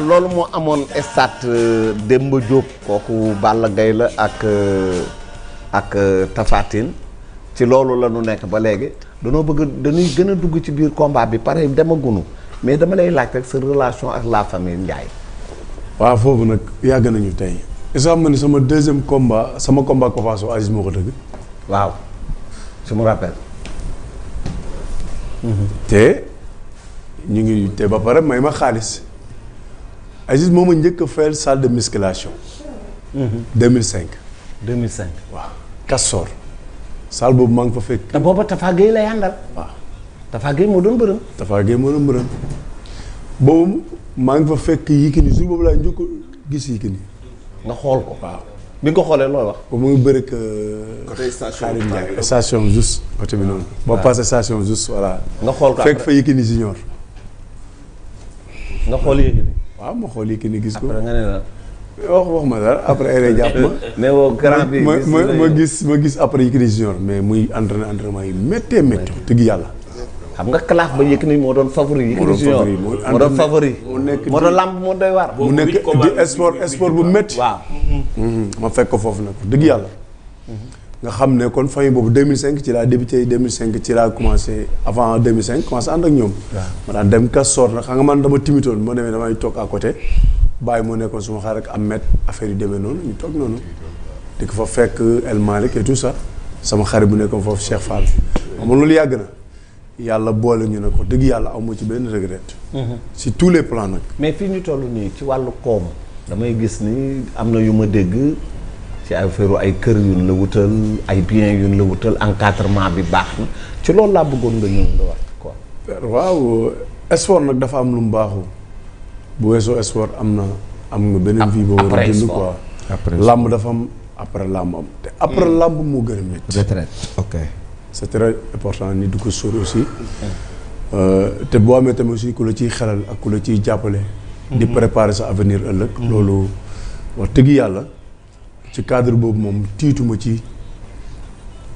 loolu moo amoon stade euh, Demba Diop kooku Balla gay la ak euh, ak euh, Tapha Tine ci loolu la nu nekk ba léegi danoo bëgg dañuy gën a dugg ci biir combat bi pare demagunu mais dama lay laaj rek sa relation ak la famille Ndiaye. waaw foofu nag yàgg nañu tey est-ce que xam nga sama deuxième combat sama combat Papa Sow Aziz moo ko tëgg. waaw je me rappelle. te ñu ngi te ba pare may ma xaalis. Aziz moom a njëkk a fayal salle de musculation. 2005. 2005 waaw Castor. salle boobu maa ngi fa fekk. te booba Tafa Gueye lay àndal. waaw Tafa moo doon bërëm. Tafa Gueye moo doon bërëm. boobu maa ngi fa fekk Yékini jour boobu laa njëkk gis Yékini. nga xool ko waaw. bi nga ko xoolee looy wax. ba mu ngi bëri que. côté station euh, Ndiaye station juste côté bi noonu. ba passé station juste voilà. nga xool ko fekk fa Yékini junior. nga xool Yékini. waaw ma xool Yékini gis ko après nga wax wax ma dara après ay jàpp ma. ne woo grand bi ma ma gis ma gis après Yékini junior mais muy entraîné entraînement yi méttee métti tëgg yàlla. xam nga kalaax ba Yékini moo doon favori. moo doon favori moo doon favori. moo doon lamb moo doy waar. mu nekk di sport sport bu métti. waaw. Mhm. ma fekk ko foofu nag dëgg yàlla. Mhm. nga xam ne kon famille boobu 2005 ci laa débuté 2005 ci laa commencé avant 2005 commencé ànd ak ñoom. ma daan dem Kastoor nag xam nga man dama timitoon moo demee damay toog à bàyyi moo nekkoon suma xaar ak Ahmed affaire yu ñu toog ko fa fekk El Malick et tout ça sama xarit bu nekkoon foofu Cheikh Fall. xam nga loolu yàgg na yàlla boole ñu ne ko dëgg yàlla amu ci benn regret. Mhm. si tous les plans nag. mais fii ñu toll nii ci wàllu koom. damay gis ni am na yu ma dégg. ci affaire ay kër yuñ la wutal ay biens yuñ la wutal encadrement bi baax na ci loolu laa bëggoon nga ñëw nga wax quoi. waaw sport nag dafa am lu mu baaxu bu weesoo sport am na am nga beneen ah, vie boo war a dund làmb dafa am après làmb te après hmm. làmb moo gën a métti retraite est très important ni du ko sóor aussi euh, te boo amee tamit aussi ku la ciy xelal ak ku la ciy jàppale di hmm. préparer sa avenir ëllëg hmm. loolu wax dëgg yàlla ci cadre boobu moom tiituma ci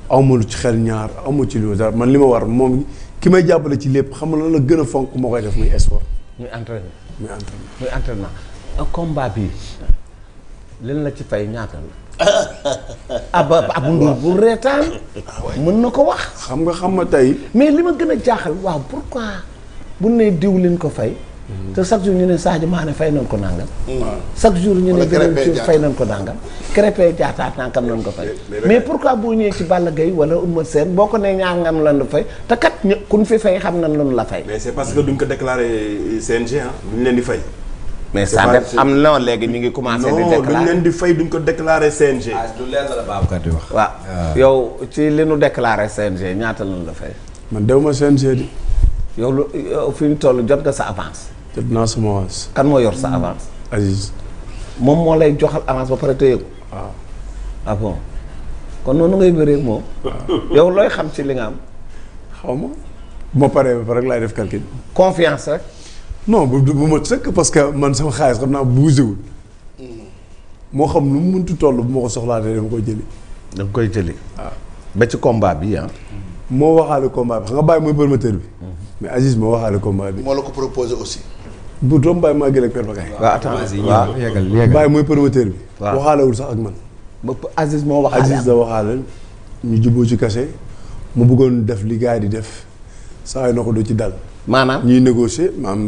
awma lu ci xel ñaar awma ci lu dara man li ma war moom ki may jàppale ci lépp xam nga la gën a fonk moo koy def muy sport. muy entraînement muy entraînement muy entraînement combat la ci fay ñaata la. ab ab ndur bu reetaan. Ah, mën na ko wax. xam nga xam ma tey. mais li ma gën a jaaxal waaw pourquoi bu ne diw leen ko fay. te chaque jour ñu ne Sadio Mané fay nañ ko nangam. chaque jour ñu ne Krépin fay nañ ko nangam. Krépin Diatta nangam nañ ko fay. mais pourquoi boo ñëwee ci Balla Gaye wala Eumeu Sène boo ko nee ñaangam lan la fay te kat ñu kun fi fay xam nañ lan la fay. mais c'est parce que duñ ko déclaré CNG ah duñ leen di fay. mais ça def am na léegi ñu ngi commencé. di déclaré non duñ leen di fay duñ ko déclaré CNG. ah du leen la Babacar di wax. waaw ah. yow ci li nu déclaré CNG ñaata lan la fay. man dew ma CNG di. yow lu fi ñu toll jot nga sa avance. jot naa sama avance. kan moo yor sa avance. Aziz. moom moo lay joxal avance ba pare téye ko. waaw. ah bon kon noonu ngay bëree moom. yow looy xam ci li nga am. xaw ma. ma paree ba pare rek laay def calcul. confiance rek. non bu bu ma sëkk parce que man sama xaalis xam naa bougéwul hmm. moo xam nu mu mënti toll bu ma ko soxlaatee dama koy jëli. dama koy jëli. waaw ah. ba ci combat bi ah. moo waxaale combat bi xam nga bàyyi mooy promoteur bi. Hmm. mais Aziz moo waxaale combat bi. moo la ko proposé aussi. bu doom bàyyi maa gën ak Père Bakay. waaw waaw yeggal yeggal bàyyi mooy promoteur bi. waaw waxaalewul sax ak man. ba Aziz moo waxaale Aziz da waxaale ñu juboo ci kase mu bëggoon def li gars yi di def saa yu na ko du ci dal. maanaam ñuy négocier maam.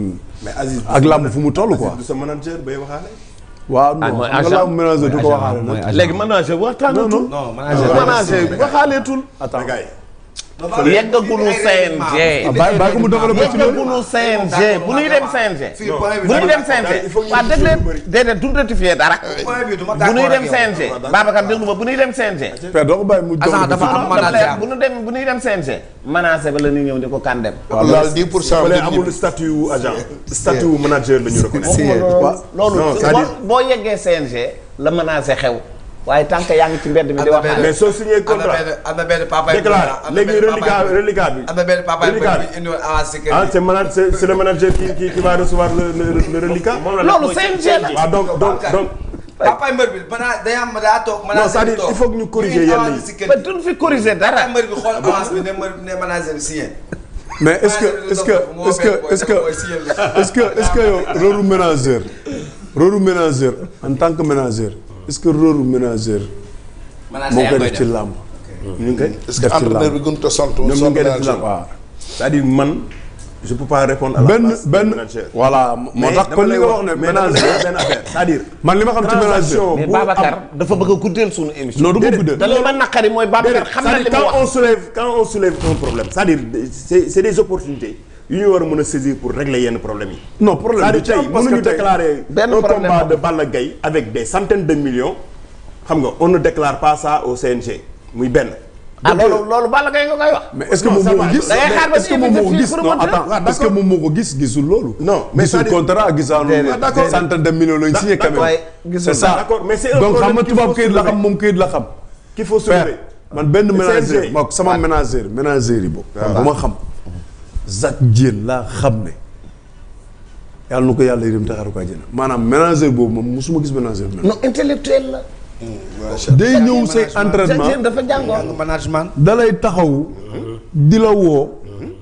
mais Aziz ak làmb fu mu toll ko Aziz du sa manager bay waxaale. waaw ah, non nga làmb manager du ko waxaale nag. léegi manager waxtaanatul. non non manager waxaaleetul. yeggagunu CNG. bàyyi bàyyi ko mu développé ci loolu bu ñuy dem CNG. bu ñuy dem CNG waaw dégg leen déedéet du ratifié dara. bu ñuy dem CNG Babacar déglu ma bu ñuy dem CNG. père doo mu dafa am manager bu ñu dem bu ñuy dem ba la ñuy ñëw di ko kan dem. waaw daal 10 pour cent amul statut wu agent. statut wu manager la ñu reconnaître. loolu boo yeggee CNG la manager xew. waaye tànk yaa ngi ci mbedd mi di wax. mais soo signé contrat am na benn papa yi. déclaré léegi reliquat reliquat bi. am na benn papa yi ah, c'est manager qui qui va recevoir le le loolu CNG la waaw ah, donc donc donc. papa mbër bi il faut que corriger yenn yi mais duñ fi corriger dara. Ah, mais est-ce que est-ce que est-ce que est-ce que est-ce manager rôle manager en tant manager est-ce que rôle ménageur. moo koy def ci làmb. ñu ngi koy def ci làmb que entraîneur bi a sant. ñoom ñu ngi def ci làmb waaw. dire man. je peux pas répondre à la benn benn voilà moo tax kon li nga wax ne ménageur man li ma xam ci ménageur mais Babacar dafa bëgg a guddeel suñu émission non du ko guddeel da ma naqari mooy Babacar xam na li ma wax quand on soulève quand on soulève problème cest dire c'est des opportunités yu ñuy war a mën a saisir pour régler yenn problèmes yi. non problème bi tey mënuñu déclarer benn problème un combat de Balla Gaye avec des centaines de millions xam nga on ne déclare pas ça au CNG muy benn. ah loolu loolu Balla Gaye nga koy wax. mais est-ce que moom moo ko gis est-ce que moom moo ko gis gis gisul loolu. non mais gisul contrat gisaanu. d'accord centaine de millions lañ signé quand même. c'est ça d'accord mais c'est un donc xam nga tubaab këyit la xam moom këyit la xam. qu'il faut sauver man benn ménagère ma sama ménagère ménagère yi boobu. bu ma xam. Zac Dieng laa xam ne yàlla na ko yàlla yërëm taxaru ko àjjana maanaam manager boobu moom musuma gis manager bi. non intellectuel la. day ñëw say entraînement dafa jàngoon management da lay taxaw di la woo.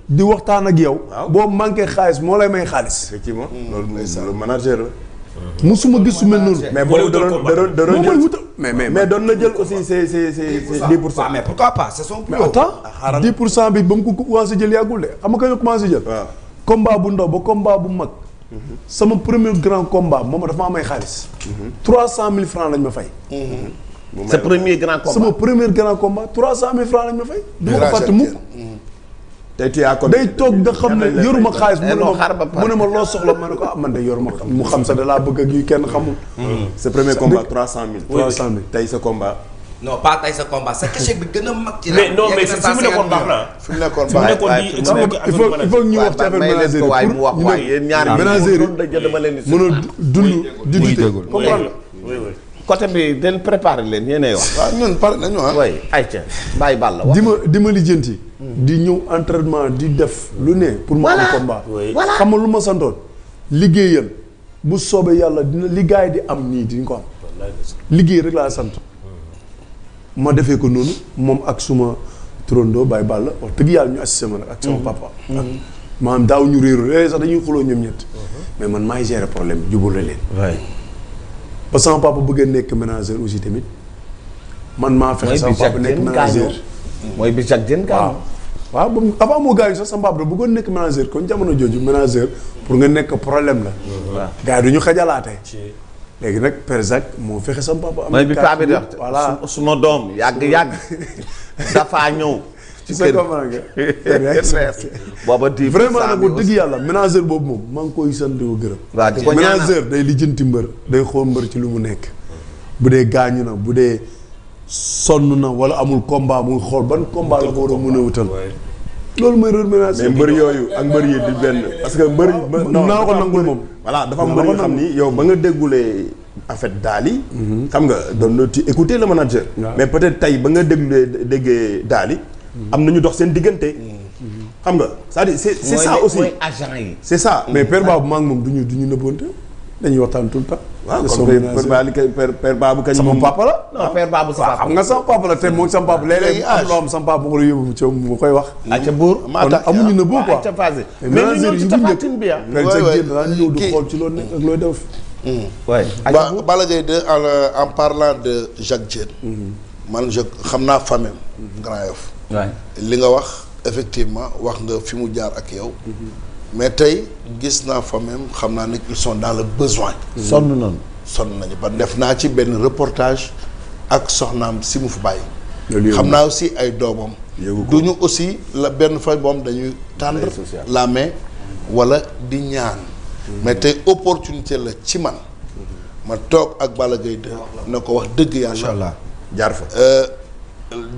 di waxtaan ak yow. boo manqué xaalis moo lay may xaalis. effectivement loolu manager la. musuma gis su mel noonu. mais boobu da doon da doon jël mais mais doon na jël aussi c'est c'est c'est 10 pour cent. mais pourquoi pas c'est son plus haut. attends 10 ah, pour cent bi ba mu ko commencé jël yàggul de xam nga kañ la commencé jël. waaw combat bu ndaw ba combat bu mag. sama premier grand combat moom dafa may xaalis. 300 000 francs lañ ma fay. Mm-hmm. sa premier grand combat sama premier grand combat 300 000 francs lañ ma fay. du ma ko fàtte mukk tey tuyaa ko day toog nga xam ne yoruma xaalis mu ne ma loo soxla ma ne ko ah man de yoruma xam mu xam sa da laa bëgg ak yu kenn xamul. Hmm. sa premier combat trois cent mille. trois cent mille tey sa combat. non pas tey sa combat sa cachet bi gën a mag. ci la mais non mais fi mu nekkoon baax na fi mu nekkoon il faut ñu wax ci affaire ménagerie pour ñu ne ménagerie mënoo dund di dund comprendre côté bi den préparé leen yéenay wax. waaw ñun pare nañu ah. oui ayca bàyyi bàll wax. di ma di ma lijjanti. Hmm. di ñëw entraînement di def lu ne. pour ma am combat. voilà xam lu ma santoon liggéeyal bu soobee yàlla dina li di am nii di ko liggéey rek laa sant. Hmm. ma defee ko noonu moom ak suma turandoo bàyyi bàll wax dëgg yàlla ñu assisté ma nag ak sama hmm. daaw ñu réeru léeg eh, sax dañuy xuloo ñoom ñett. mais man maay gérer problème jubale leen. ba sama papa bëggee nekk manager aussi tamit man maa fexe sama papa nekk manager mooy bi Jacques Dieng waaw ba avant moo gaañu sax sama papa da bëggoon nekk manager kon jamono jooju manager pour nga nekk problème la. waaw gars yi du ñu xajalaate léegi nag per Jacques moo fexe sama papa. am na bi voilà su ma doom yàgg yàgg dafa ñëw. ci sa comprendre nga. booba di vraiment nag bu dëgg yàlla ménageur boobu moom maa koy sant di ko gërëm. waaw day lijjanti mbër day xool mbër ci lu mu nekk. bu dee gaañu na bu dee sonn na wala amul combat muy xool ban combat la ko war a mën a wutal. loolu mooy rôle ménageur. mais mbër yooyu parce que mbër yi naa ko nangul moom. voilà dafa am ni yow ba nga déggulee. en fait mhm. xam nga doon na ci écouter le manager. mais peut-être tey ba nga déglu déggee daali am na ñu dox seen diggante. xam nga c'est-à-dire c'est c'est ça aussi mooy agent yi. c'est ça mm. mais père Babou maa ngi moom du ñu du ñu nëbbante dañuy waxtaan tout le temps. waaw ah, kon père Babou kañ père Babou kañ. sama papa la non ah. père Babou sa papa xam nga sama papa la te moom sama papa léeg-léeg am ah, loo am sama papa ma la yóbbu ci mu koy wax. Mm. ayca buur kon amuñu nëbb quoi. mais ñu ñëw ci tafatin bi ah. ñëw du xool ci loolu nekk ak looy def. waay mm. ayca buur Balla Gaye 2 euh, en parlant de Jacques Diène. Mm-hmm. man je xam naa famille Grand Yoff li nga wax effectivement wax nga fi mu jaar ak yow. Mm-hmm. mais tey gis naa fa même xam naa ne ils sont dans le besoin. Mm-hmm. sonn nañu. sonn nañu ba def naa ci benn reportage ak soxnaam si mu fa bàyyi. xam naa aussi ay doomam. du ñu aussi la benn fa moom dañuy tendre la main wala di ñaan. Mm-hmm. mais tey opportunité la ci man. ma toog ak Balla Gaye 2 na ko wax dëgg yàlla. incha allah jaar fa. Euh,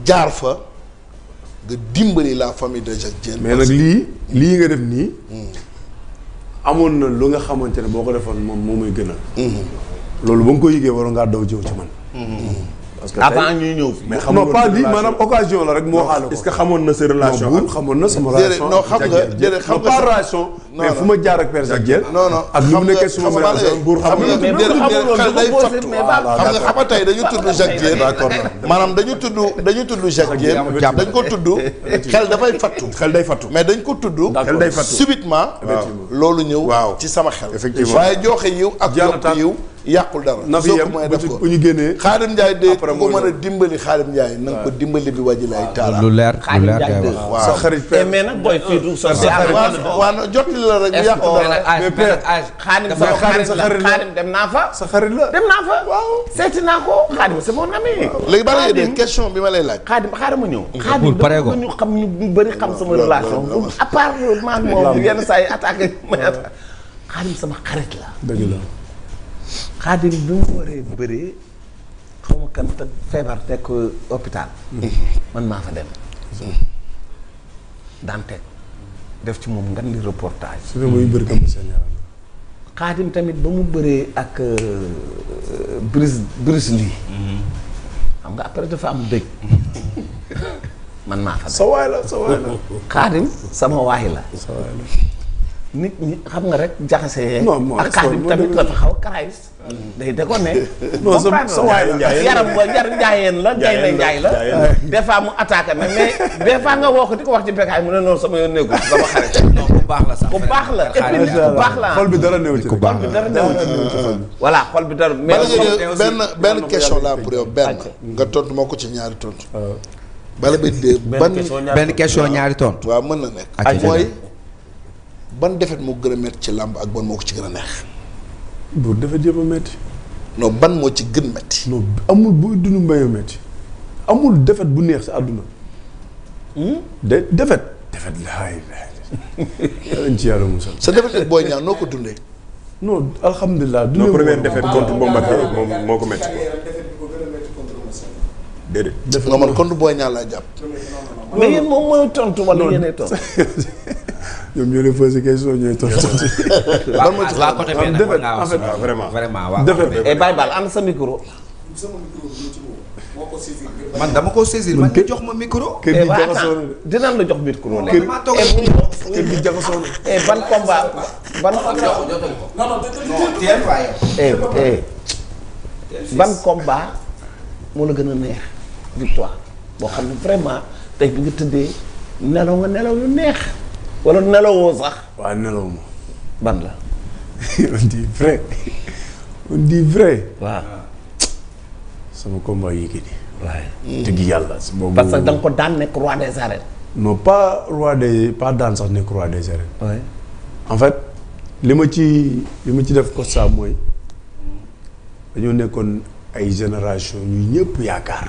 jaar fa. nga dimbali la famille de Jacques Diène. mais nag lii lii nga def nii. Hmm. amoon na lu nga xamante ne boo ko defoon moom moo may a hmm. loolu ba nga ko yëgee waroon ngaa daw jëw ci man. Hmm. parce que avant ñuy ñëw fi mais xamuloon non pas lii maanaam occasion la rek moo xaale xamoon na sa relation ak xamoon na sama relation non xam nga jërëjëf xam nga pas relation mais fu ma jaar ak Père Jacques Diène non non ak ñu nekkee suma relation buur xam nga xam nga xam tey dañu tudd Jacques Diène d'accord maanaam dañu tudd dañu tudd Jacques Diène dañ ko tudd xel dafay fattu xel day fattu mais dañ ko tuddu xel day fattu subitement loolu ñëw waaw ci sama xel effectivement waaye joxe yiw ak yokk yiw yàqul dara. nafiyeem bëccëg bu ñu génnee. xaadim Ndiaye de ku mën a dimbali xaadim Ndiaye na nga ko dimbali bi wàjji lay taala. lu leer lu leer kay wax sa xarit sa xarit waaw jot la rek yàqul dara mais sa xarit la dem naa fa. sa xarit la dem naa fa. waaw seeti naa ko xaadim c'est na ami. léegi ba la de question bi ma lay laaj. xaadim xaadim ma ñëw. xaadim dafa ñu xam ñu bëri xam sama relation. à part maag moom yenn saa yi attaqué ma xaadim sama xarit la xaadim bi mu waree bëree xaw ma kan te feebar teg ko hôpital. man maa fa dem. daan teg def ci moom ngan li reportage. su dee muy bëri comme xaadim tamit ba mu bëree ak euh, Bruce Bruce Lee. xam nga après dafa am dëj. man maa fa dem sa waay la sa waay la. xaadim sama waay la. sa waay la. nit ñi xam nga rek jaxase. non ak kaar bi tamit dafa xaw karaayis. day de ko ne. non yaram ba jar njaayeen la jaay njaay la. des fois mu attaqué na mais des woo ko di ko wax ci bekkaay sama yoon nekkul sama xarit. non ku baax bi dara néew ci ku baax bi dara néew xol bi dara. mais benn benn question la pour yow benn. nga tontu moo ko ci ñaari tontu. Euh. bala bi dee ban benn question ñaari tontu. waa mën na nekk mooy. ban defet moo gën a métti ci làmb ak ban moo ko ci gën a neex. bu ban moo ci gën métti. non amul bu dund mbéy a amul defet bu neex si àdduna. Hmm? de defet. defet la yàlla ci yàlla musal. sa defet booy ñaan noo ko dundee. non alhamdulilah. dundee première defet contre Bombardier moom moo ko métti. déedéet. defet nga man contre booy ñaan laa jàpp. mais yéen moom mooy tontu wala yéenay tontu. ñoom ñoo lay posé question ñooy tontu. ban ma ci côté bi nag war ngaa wax vraiment vraiment waaw. defee bàyyi baal am sa micro. sama micro man dama ko saisir man jox ma micro. kër gi eh, jaxasoo na dinañ la jox micro de. kër kër gi jaxasoo na. Eh, ban combat ban. ban combat moo la gën a neex victoire boo xam ne vraiment tey bi nga tëddee nelaw nga nelaw yu neex. wala waaw nelaw ma. ban la. on dit vrai on dit vrai. waaw. sama combat Yékini. waaye. dëgg yàlla si boobu. parce que da nga ko daan nekk roi des arènes. non pas roi des pas daan sax nekk roi des arènes. en fait li ma ci li ma ci def constat mooy dañoo nekkoon ay génération ñu ñëpp yaakaar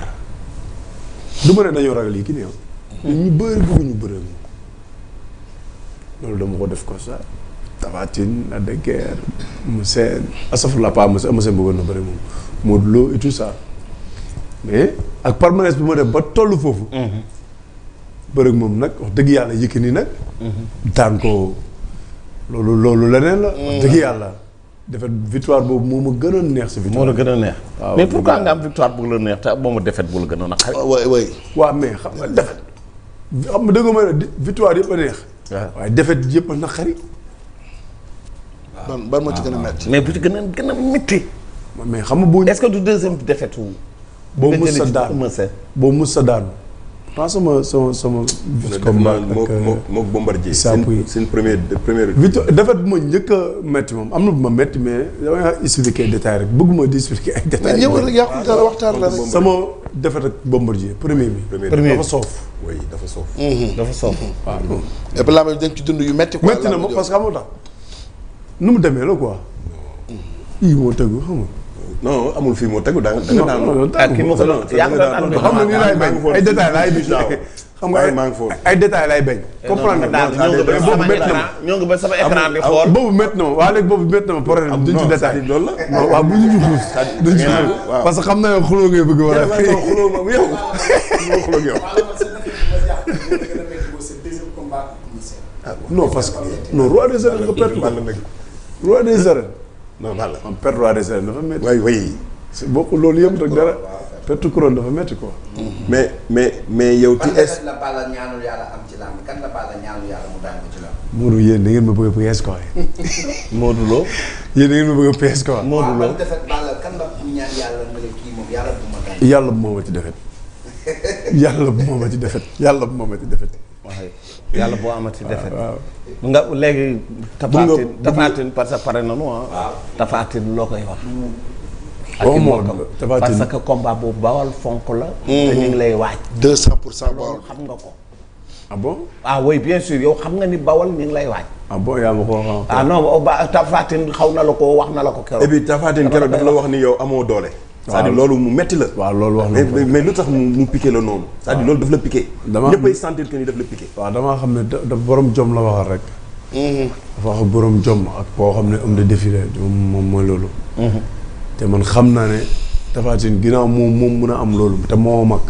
du ma ne dañoo ragal Yékini ah. hmm. ñu bëri bëgguñu bëri. loolu dama ko def ko sa Tafatine la de guerre mu seen asafurla pas mu mu seen bëggoon na bëri moom moo Lo et tout ça mais ak permanence bi ma def ba tollu foofu. Mhm. bëri moom nag wax dëgg yàlla Yékini nag. Mhm. daan ko loolu loolu leneen la. wax dëgg mhm. yàlla. défaite victoire boobu moo ma a neex si victoire. moo la gën a neex. waaw mais pourquoi nga am victoire bu la neex te moo ma défaite bu la gënoon a xarit. Ah, waaw xam nga défaite xam nga dëgg ma victoire yëpp a neex. waaw waaye defet yëpp a naqari. ban ban moo ci gën a ah, métti. mais bu ci gën a gën a métti. mais xam nga boo. est-ce que du deuxième défaite wu. boo mus sa daan boo mus sa waaw sama sama sama. juste combat ak moom bombardier seen seen première première. victoire défaite bu ma njëkk a moom am na bu ma métti mais damay expliquer bëgguma di expliquer ay détails. ñëw rek yàqu ah, la rek. sama défaite ak bombardier premier bi. premier dafa soof. dafa soof. Mhm. dafa soof waaw mhm. ah, non. et puis làmb bi dund yu métti. quoi métti na ma parce mu demee la quoi. yii moo tëgg xam non amul fii moo tegu da nga daanu. ah kii moo ko yaa ngi doon ànd xam nga nii laay bañ ay détails laay bañ. xam nga ay détails laay bañ. comprendre nga boobu métti na ñoo ngi ba sama écran bi xool. boobu métti na ma waa léegi boobu métti na ma problème duñ ci détail loolu la. waaw bu ñu ci xuus. duñ ci xuus parce que xam naa yow xuloo ngay bëgg wala. xuloo moom yow moo xuloo yow. non parce que non roi des arènes nga perte ko roi des arènes non walla kon perte roi dafa métti. waay waay si bokkul loolu yëpp rek dara. perte couronne dafa métti quoi. Mm-hmm. mais mais mais yow. ci est la Balla ñaanul yàlla am ci làmb kan la yàlla mu daan ko ci làmb. Modou yéen da ngeen ma a ma bëgg a PS quoi. yàlla nga moom yàlla ci defet yàlla bu ma ma ci defet yàlla bu ma ma ci defet. yàlla boo amati defet nga léegi. tafaatin tafaatin parce que pare nanu ah. tafaatin loo koy wax. ak moo parce que combat boobu bawal fonk la. te ñu ngi lay waaj. 200 pour cent bawal xam nga ko. ah bon ah yow xam nga ni bawal ñu ngi lay waaj. ah bon yaa ma ko wax. ah non ba Tafatin xaw na la ko wax na la ko keroog. et puis Tafatin la wax ni yow amoo doole. cest à loolu mu metti la. waaw loolu wax mais mais lu tax mu mu piqué la noonu. Ah. cest à loolu daf la pike damaa ñëppay sentir que ni daf la piqué. waaw damaa xam ne da borom jom la waxal rek. Mm-hmm. dafa boroom borom ak koo xam ne am de défi moom mooy loolu. Mm-hmm. te man xam naa ne Tapha Tine ginnaaw moom moom mun a am loolu te moo mag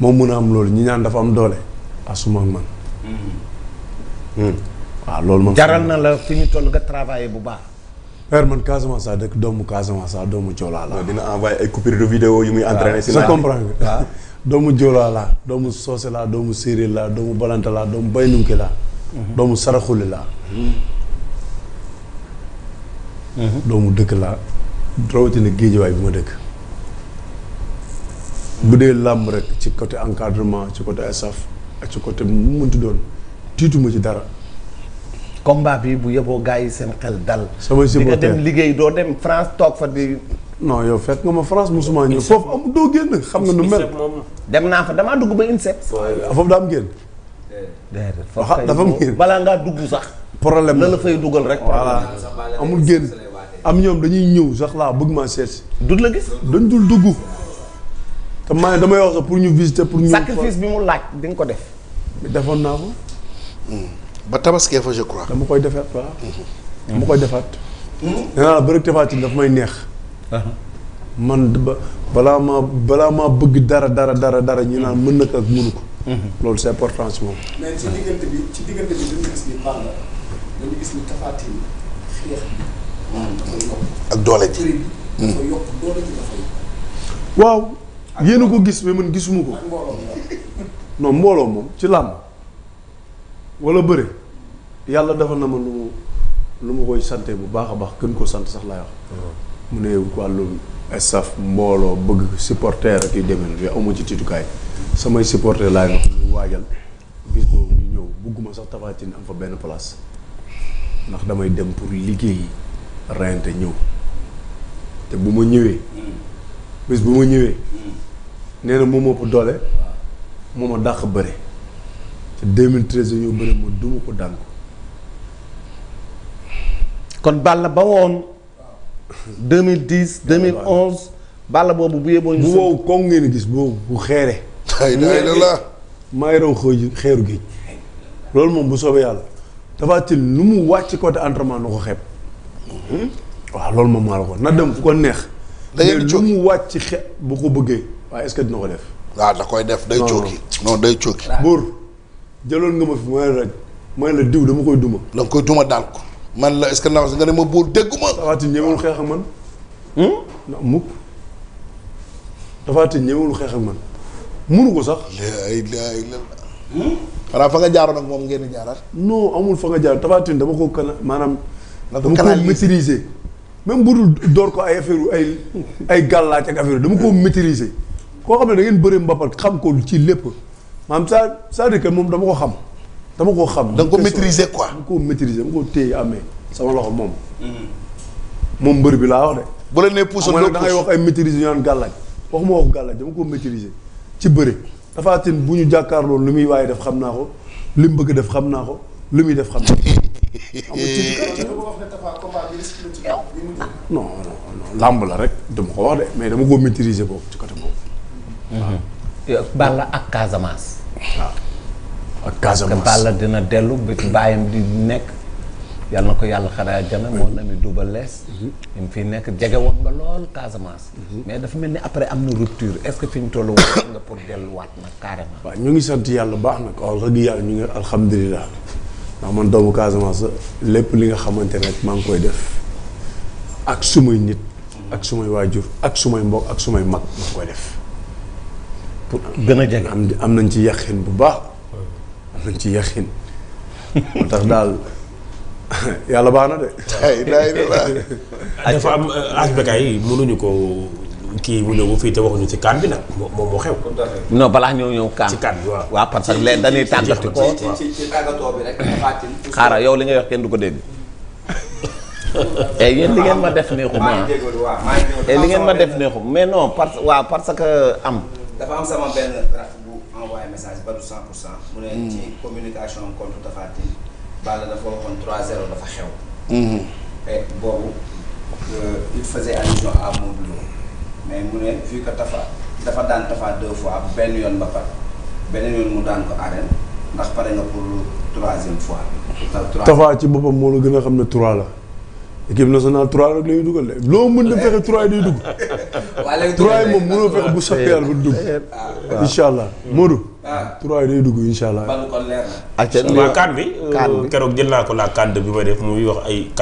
moom mun a am loolu ñi ñaan dafa am doole asuma ak man. Mm-hmm. Mm. waaw loolu moom. jaral na la fi ñu toll nga travailler bu baax. père man Casamance a dëkk doomu Casamance laa doomu Joola laa. ay coupures de vidéo yu muy entraîné. doomu Joola laa doomu Soose la doomu Séeréer laa doomu Balanta laa doomu Baynunke laa. Mhm. doomu Saraxule laa. Mhm. doomu dëkk la rawatina géejewaay bi ma dëkk. bu dee làmb rek ci côté encadrement ci côté SAF ak ci côté mu munti doon tiituma ci dara. comme combat bi bu yeboo gars yi seen xel dal. sama supporter di nga liggéey doo dem France toog fa di. non yow fekk nga ma France musuma ñëw foofu am doo génn xam nga nu mel. dem naa fa damaa dugg ba INSEP. foofu daa am génn. déedéet dafa am génn balaa ngaa dugg sax. problème la la fay dugal rek. voilà amul génn am ñoom dañuy ñëw sax laa bëgg ma seet. dut la gis dañ dul dugg. te maa ne damay wax pour ñu visiter pour. ñu sacrifice bi mu laaj di nga ko def. defoon naa ko. Hmm. ba tabaskee fa je crois. dama koy defaat waaw. Mhm. dama koy defaat. ah bëri tafaatin daf may neex. Ah. man ba balaa maa balaa maa bëgg dara dara dara dara ñu naan mën na ko ak mënu ko. Mhm. loolu c'est important si moom. ak doole ji waaw yéen a ko gis mais man gisuma ko. non mbooloo moom ci làmb. wala bëre yàlla defal na ma lu mu lu ma koy sante bu baax a baax gën ko sant sax laay wax. Uh-huh. mu ne wàllum staff mbooloo bëgg supporter ak yu demee noonu yow ci tiitukaay samay supporter laay wax ñu waajal bis boobu ñu ñëw bugguma sax Tapha Tine am fa benn place ndax damay dem pour liggéey reyante ñëw te bu ma ñëwee. bis bu ma ñëwee. nee na moom moo doole moo ma dàq bëre. ci 2013 dañoo bëri ma duma ko daan ko. kon Balla ba woon. 2010 2011. Balla boobu bu yeboo ñu. bu wow koŋ ngeen gis boobu bu xeere. ay la maay raw xëy xeeru géej. loolu moom bu soobee yàlla. dafa til lu mu wàcc côté entraînement na ko xeeb. waaw loolu moom maa la ko na dem fu ko neex. day mu wàcc xe bu ko bëggee. waaw est-ce que dina ko def. waaw ah, da koy def day cooki. non day cooki. buur jëlool nga ma fi mooy rek mooy la diw dama koy duma. dama koy duma daal ko. man la est-ce que si nga ne ma buur déggu ma. Tafatin ñemewul xeex ak man. Hmm? na mukk Tafatin ñemewul xeex man munu ko sax. lay lay la. Hmm? xanaa fa nga jaaroon ak moom ngeen jaaraat. non amul fa nga jaar Tafatin dama ko kana maanaam. dama ko maîtriser. même bu dul door ko ay affaire ay ay gàllaaj ak affaire dama ko maîtriser. koo xam ne da ngeen bëri mbapat xam ko ci lépp. maanaam ça cest à moom dama ko xam. dama ko xam. da nga ko maîtriser quoi dama ko maîtriser dama ko téye amee sama loxo moom. Mm-hmm. moom mbër bi laa wax de. bu la nee puus ak da ngay wax ay maîtriser ñaan gàllaaj waxuma wax gàllaaj dama ko ci bëri Tapha bu ñu jàkkaarloo lu muy waaye def xam naa ko li mu bëgg def xam naa ko lu muy def xam naa làmb la rek dama ko wax mais dama ko maîtriser boobu ci côté boobu. Mm-hmm. ak Casamance. waaw ak Casamance Balla dina dellu bi baayam di nekk yàlla na ko yàlla xaraa jana moo na mi duba lees li mhm. mu fi nekk jege woon nga lool Casamance mhm. mais dafa mel ni après am na rupture est-ce que fi ñu tollu woon nga pour delluwaat nag carrément waaw ñu ngi sant yàlla baax nag wax dëgg yàlla ñu ngi alhamdulilah ndax man doomu Casamance lépp li nga xamante rek maa ngi koy def ak sumay nit ak sumay waajur ak su may mbokk ak sumay mag maa ngi def pour gën a jege. am am nañ ci yàqin bu baax. am nañ ci yàqin. moo tax daal yàlla baax na de. dafa am euh, asbeka yi mënuñu ko kii bu ñëw bu fii te waxuñu ci kan bi nag moom moo xew. non balaa ñëw ñëw kan. waa kan parce que léegi dañuy tàggatu ko ci ci xaaral yow li ngay wax kenn du ko dégg. et eh, yéen li ngeen ma def neexuma. maa eh, li ngeen ma def neexuma mais non parce que am. dafa am sama benn rak bu envoyé message ba du 100 pour cent. mu ne hmm. ci communication am contre Tapha Tine Balla dafa waxoon 3-0 dafa xew. Hmm. et boobu euh, il faisait allusion à Modou Lô mais mu ne vu que Tapha dafa daan Tapha deux fois ak benn yoon ba pare beneen yoon mu daan ko arène ndax pare nga pour troisième fois. Tapha ci boppam moo la gën a xam ne 3 la. équipe nationale 3 rek la ñuy dugal de loo mën na fexe 3 yi dugg. waaw yi moom mënoo fexe bu soobee yàlla bu dugg. Ah, waaw ah. incha allah Modou. Ah. yi day dugg incha allah. ban kon kaan bi. kaan bi keroog jël naa ko la carte bi may def muy wax ay.